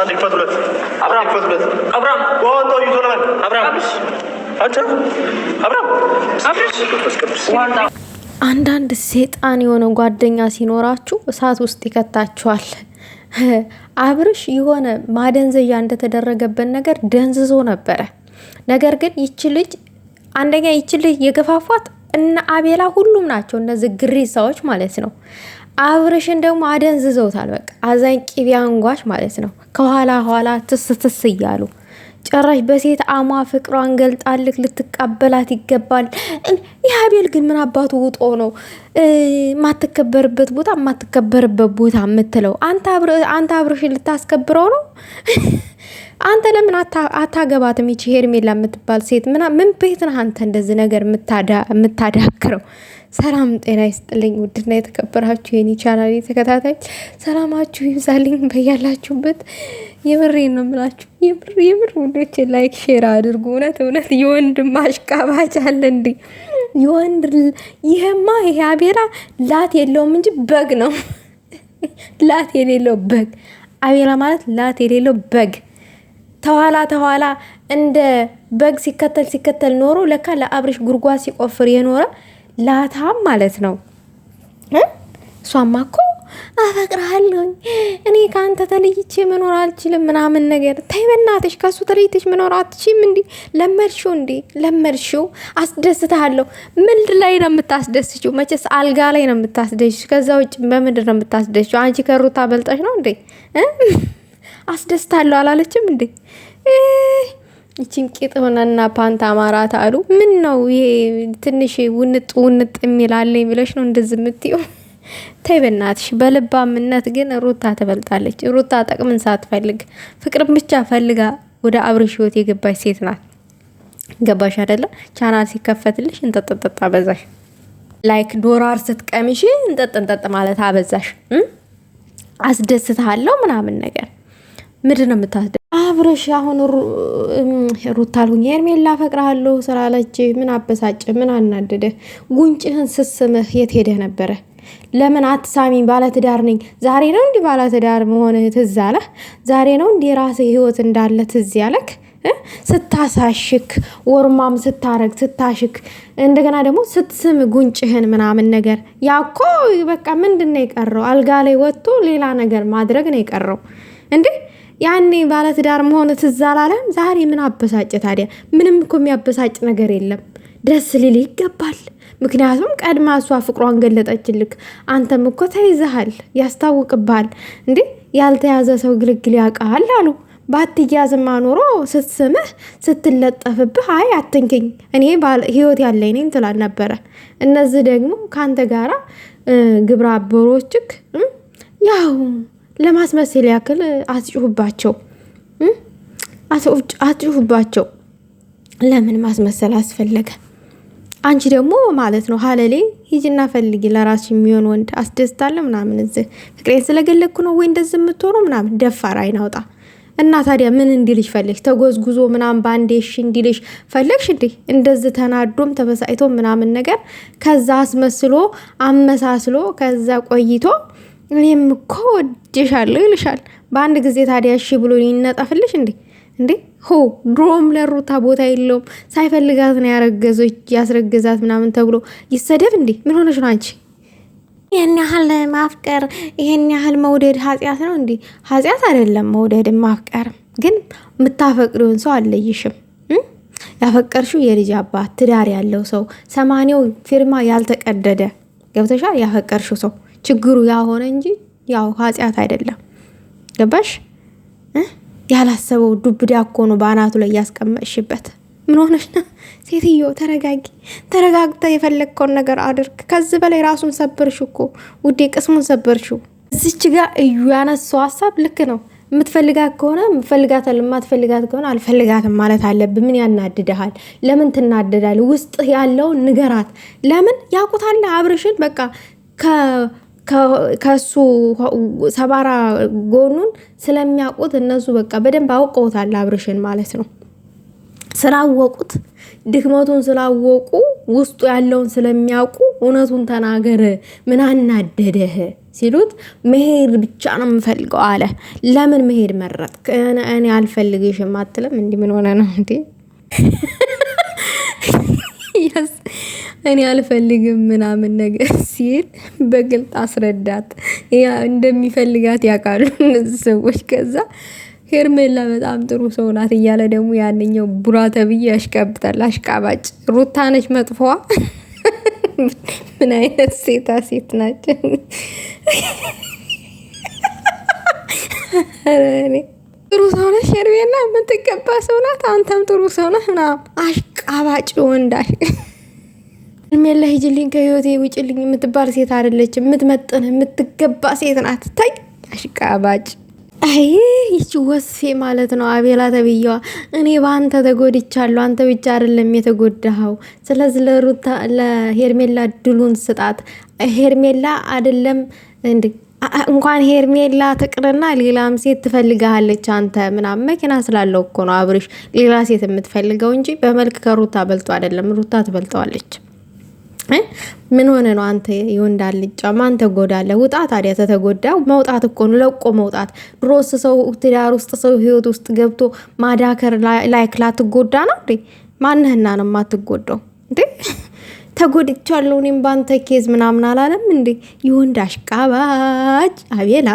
አንዳንድ ሴጣን የሆነ ጓደኛ ሲኖራችሁ እሳት ውስጥ ይከታችኋል። አብርሽ የሆነ ማደንዘዣ እንደተደረገበት ነገር ደንዝዞ ነበረ። ነገር ግን ይች ልጅ አንደኛ ይች ልጅ የገፋፏት እና አቤላ ሁሉም ናቸው እነዚህ ግሪሳዎች ማለት ነው። አብርሽን ደግሞ አደንዝዘውታል። በቃ አዛኝ ቂቢያ አንጓች ማለት ነው። ከኋላ ኋላ ትስ ትስ እያሉ ጭራሽ በሴት አማ ፍቅሯን ገልጣልክ ልትቀበላት ይገባል። የሀቤል ግን ምን አባቱ ውጦ ነው ማትከበርበት ቦታ ማትከበርበት ቦታ የምትለው? አንተ አብርሽን ልታስከብረው ነው? አንተ ለምን አታገባትም? ይቺ ሄርሜላ የምትባል ሴት ምና ምን ቤት ነህ አንተ እንደዚህ ነገር የምታዳክረው? ሰላም ጤና ይስጥልኝ። ውድና የተከበራችሁ የኔ ቻናል ተከታታይ ሰላማችሁ ይብዛልኝ በያላችሁበት። የምሬ ነው ምላችሁ፣ የምር የምር ውዶች፣ ላይክ ሼር አድርጉ። እውነት እውነት የወንድ ማሽቃባጭ አለ እንዴ! የወንድ ይሄማ ይሄ አቤላ ላት የለውም እንጂ በግ ነው። ላት የሌለው በግ አቤላ ማለት ላት የሌለው በግ ተኋላ ተኋላ እንደ በግ ሲከተል ሲከተል ኖሮ ለካ ለአብርሽ ጉርጓ ሲቆፍር የኖረ ላታም ማለት ነው። እሷማ እኮ አፈቅርሃለሁኝ እኔ ከአንተ ተለይቼ መኖር አልችልም ምናምን ነገር ተይ በናትሽ፣ ከሱ ተለይተሽ መኖር አትችም። እንዲ ለመድሽው፣ እንዲ ለመድሽው፣ አስደስትሃለሁ። ምንድ ላይ ነው የምታስደስችው፣ መቼስ አልጋ ላይ ነው የምታስደስችው። ከዛ ውጭ በምንድ ነው የምታስደስችው። አንቺ ከሩታ በልጠሽ ነው እንዴ? አስደስታለሁ አላለችም እንዴ? ይችን ቂጥ ሆነና ፓንት አማራት አሉ። ምን ነው ይሄ ትንሽ ውንጥ ውንጥ የሚላለ የሚለሽ ነው እንደዚህ የምትዩ? ተይ በናትሽ። በልባምነት ግን ሩታ ትበልጣለች። ሩታ ጠቅምን ሳትፈልግ ፍቅርን ብቻ ፈልጋ ወደ አብርሽ ህይወት የገባች ሴት ናት። ገባሽ አይደለ? ቻናል ሲከፈትልሽ እንጠጠጠጥ አበዛሽ። ላይክ ዶራር ስትቀሚሽ እንጠጥ ማለት አበዛሽ። አስደስታለሁ ምናምን ነገር ምንድን ነው የምታስደ አብረሽ አሁን ሩታ አልሁኝ ሄርሜላ ፈቅርሃለሁ ስላለች ምን አበሳጭ ምን አናደደ? ጉንጭህን ስስምህ የት ሄደህ ነበረ? ለምን አትሳሚ? ባለትዳር ነኝ። ዛሬ ነው እንዲህ ባለትዳር መሆን ትዝ አለህ? ዛሬ ነው እንዲህ የራስህ ህይወት እንዳለ ትዝ ያለክ? ስታሳሽክ ወርማም ስታረግ ስታሽክ እንደገና ደግሞ ስትስም ጉንጭህን ምናምን ነገር ያኮ በቃ ምንድን ነው የቀረው? አልጋ ላይ ወጥቶ ሌላ ነገር ማድረግ ነው የቀረው እንዴ? ያኔ ባለትዳር መሆን ትዝ አላለም። ዛሬ ምን አበሳጭ ታዲያ? ምንም እኮ የሚያበሳጭ ነገር የለም። ደስ ሊል ይገባል። ምክንያቱም ቀድማ እሷ ፍቅሯን ገለጠችልክ። አንተም እኮ ተይዘሃል፣ ያስታውቅብሃል። እንዴ ያልተያዘ ሰው ግልግል ያውቃል አሉ። ባትያዝማ ኖሮ ስትስምህ ስትለጠፍብህ፣ አይ አትንክኝ፣ እኔ ህይወት ያለኝ ነኝ ትላል ነበረ። እነዚህ ደግሞ ከአንተ ጋራ ግብረ አበሮችክ ያው ለማስመሰል ያክል አትጩሁባቸው፣ አትጩሁባቸው። ለምን ማስመሰል አስፈለገ? አንቺ ደግሞ ማለት ነው ሀለሌ ሂጂና ፈልጊ ለራስሽ የሚሆን ወንድ አስደስታለ ምናምን እዚህ ፍቅሬን ስለገለግኩ ነው ወይ እንደዚህ የምትሆነው ምናምን ደፋር አይናውጣ እና ታዲያ ምን እንዲልሽ ፈለግሽ? ተጎዝጉዞ ምናምን በአንዴ እንዲልሽ ፈለግሽ እንዴ? እንደዚህ ተናዶም ተበሳጭቶ ምናምን ነገር ከዛ አስመስሎ አመሳስሎ ከዛ ቆይቶ እኔም እኮ ወድሻለሁ ይልሻል። በአንድ ጊዜ ታዲያ እሺ ብሎ ይነጠፍልሽ እንዴ? እንዴ ሆ ድሮም ለሩታ ቦታ የለውም ሳይፈልጋት ነው ያረገዞች ያስረገዛት ምናምን ተብሎ ይሰደብ እንዴ? ምን ሆነች ነው አንቺ? ይህን ያህል ማፍቀር ይህን ያህል መውደድ ኃጢአት ነው እንዴ? ኃጢአት አይደለም መውደድም ማፍቀርም። ግን የምታፈቅዱን ሰው አለይሽም። ያፈቀርሽው የልጅ አባት ትዳር ያለው ሰው ሰማኔው ፊርማ ያልተቀደደ ገብተሻ ያፈቀርሽው ሰው ችግሩ ያሆነ እንጂ ያው ኃጢአት አይደለም። ገባሽ? ያላሰበው ዱብዳ እኮ ነው በአናቱ ላይ ያስቀመጥሽበት። ምን ሆነሽ ነው ሴትዮ? ተረጋጊ። ተረጋግተ የፈለግከውን ነገር አድርግ። ከዚህ በላይ ራሱን ሰበርሽ እኮ ውዴ፣ ቅስሙን ሰበርሽው። እዚች ጋ እዩ ያነሳው ሀሳብ ልክ ነው። የምትፈልጋት ከሆነ ምፈልጋታል፣ የማትፈልጋት ከሆነ አልፈልጋትም ማለት አለብህ። ምን ያናድድሃል? ለምን ትናደዳል? ውስጥ ያለውን ንገራት። ለምን ያቁታለ አብርሽን በቃ ከሱ ሰባራ ጎኑን ስለሚያውቁት እነሱ በቃ በደንብ አውቀውታል አብርሽን ማለት ነው። ስላወቁት ድክመቱን ስላወቁ ውስጡ ያለውን ስለሚያውቁ እውነቱን ተናገር፣ ምን አናደደህ ሲሉት መሄድ ብቻ ነው የምፈልገው አለ። ለምን መሄድ መረጥ? እኔ አልፈልግሽም አትልም? እንዲህ ምን ሆነ ነው እንዴ? እኔ አልፈልግም ምናምን ነገር ሲል በግልጥ አስረዳት። እንደሚፈልጋት ያውቃሉ እነዚህ ሰዎች። ከዛ ሄርሜላ በጣም ጥሩ ሰው ናት እያለ ደግሞ ያንኛው ቡራ ተብዬ ያሽቀብጣል። አሽቃባጭ ሩታ ነች መጥፎዋ። ምን አይነት ሴታ ሴት ናቸው? ጥሩ ሰው ነሽ ሄርሜላ፣ የምትገባ ሰው ናት። አንተም ጥሩ ሰው ነህ ምናምን አሽቃባጭ ወንዳሽ ሄርሜላ ሂጅልኝ ከህይወቴ ውጭልኝ የምትባል ሴት አይደለች። የምትመጥን የምትገባ ሴት ናት። ታይ አሽቃባጭ። አይ ይቺ ወስፌ ማለት ነው አቤላ ተብዬዋ። እኔ በአንተ ተጎድቻለሁ። አንተ ብቻ አይደለም የተጎዳኸው። ስለዚህ ለሩታ ለሄርሜላ ድሉን ስጣት። ሄርሜላ አይደለም እንኳን ሄርሜላ ትቅርና ሌላም ሴት ትፈልግሃለች። አንተ ምናምን መኪና ስላለው እኮ ነው አብርሽ ሌላ ሴት የምትፈልገው እንጂ በመልክ ከሩታ በልጦ አይደለም። ሩታ ትበልጠዋለች። ምን ሆነ ነው አንተ ልጅ ጫማ አንተ ጎዳለ ውጣ ታዲያ። ተተጎዳ መውጣት እኮ ነው ለቆ መውጣት። ድሮስ ሰው ትዳር ውስጥ ሰው ህይወት ውስጥ ገብቶ ማዳከር ላይክ ላትጎዳ ነው እንዴ? ማንህና ነው የማትጎዳው እንዴ? ተጎድቻለሁ እኔም በአንተ ኬዝ ምናምን አላለም እንዴ? የወንድ አሽቃባጭ አቤላ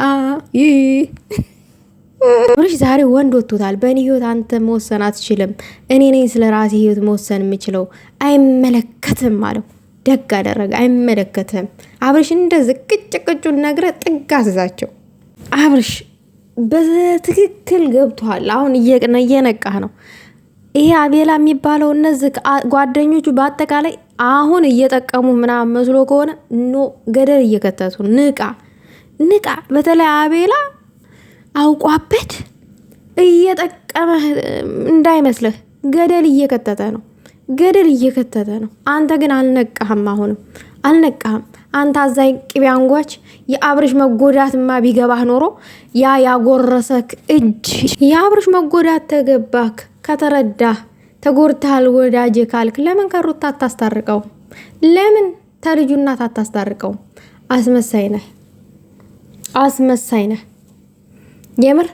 ሽ ዛሬ ወንድ ወጥቶታል። በእኔ ህይወት አንተ መወሰን አትችልም፣ እኔ ነኝ ስለ ራሴ ህይወት መወሰን የምችለው አይመለከትም አለው። ደግ አደረገ። አይመለከትም። አብርሽ እንደዚህ ቅጭቅጩን ነግረ ጥግ አዘዛቸው። አብርሽ በትክክል ገብቷል። አሁን እየነቃህ ነው። ይሄ አቤላ የሚባለው እነዚህ ጓደኞቹ በአጠቃላይ አሁን እየጠቀሙ ምናምን መስሎ ከሆነ ኖ ገደል እየከተቱ ንቃ ንቃ። በተለይ አቤላ አውቋበት እየጠቀመህ እንዳይመስልህ ገደል እየከተተ ነው። ገደል እየከተተ ነው። አንተ ግን አልነቃህም። አሁንም አልነቃህም። አንተ አዛኝ ቅቤ አንጓች የአብርሽ መጎዳትማ ቢገባህ ኖሮ ያ ያጎረሰክ እጅ የአብርሽ መጎዳት ተገባክ። ከተረዳህ ተጎድተሃል ወዳጅ ካልክ ለምን ከሩታ አታስታርቀው? ለምን ተልጁናት አታስታርቀው? አስመሳይ ነህ፣ አስመሳይ ነህ የምር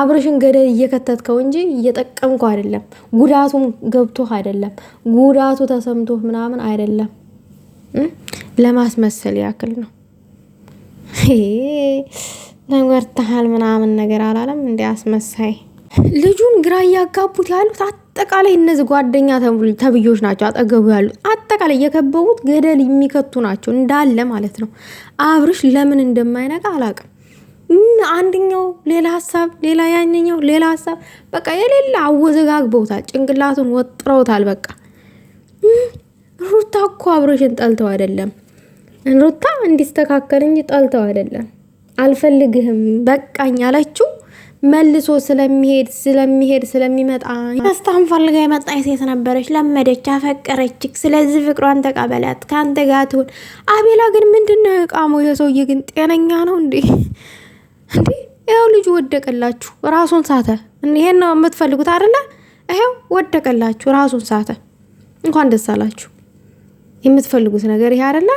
አብርሽን ገደል እየከተትከው እንጂ እየጠቀምኩ አይደለም። ጉዳቱም ገብቶህ አይደለም። ጉዳቱ ተሰምቶህ ምናምን አይደለም። ለማስመሰል ያክል ነው። ነገርተሃል ምናምን ነገር አላለም። እንዲ አስመሳይ ልጁን ግራ እያጋቡት ያሉት አጠቃላይ እነዚህ ጓደኛ ተብዮች ናቸው። አጠገቡ ያሉት አጠቃላይ የከበቡት ገደል የሚከቱ ናቸው እንዳለ ማለት ነው። አብርሽ ለምን እንደማይነቃ አላውቅም። አንድኛው ሌላ ሀሳብ፣ ሌላ ያንኛው ሌላ ሀሳብ፣ በቃ የሌላ አወዘጋግበውታል። ጭንቅላቱን ወጥረውታል። በቃ ሩታ እኮ አብሮሽን ጠልተው አይደለም ሩታ እንዲስተካከል እንጂ ጠልተው አይደለም። አልፈልግህም በቃኝ አለችው። መልሶ ስለሚሄድ ስለሚሄድ ስለሚመጣ ደስታን ፈልጋ የመጣ ሴት ነበረች። ለመደች፣ አፈቀረችክ። ስለዚህ ፍቅሯን ተቀበላት፣ ከአንተ ጋር አቤላ ግን ምንድነው የቃሞ? የሰውዬ ግን ጤነኛ ነው እንዴ? እንዴ ያው ልጁ ወደቀላችሁ፣ ራሱን ሳተ። ይሄን ነው የምትፈልጉት አደለ? ይሄው ወደቀላችሁ፣ ራሱን ሳተ። እንኳን ደስ አላችሁ። የምትፈልጉት ነገር ይሄ አደለ?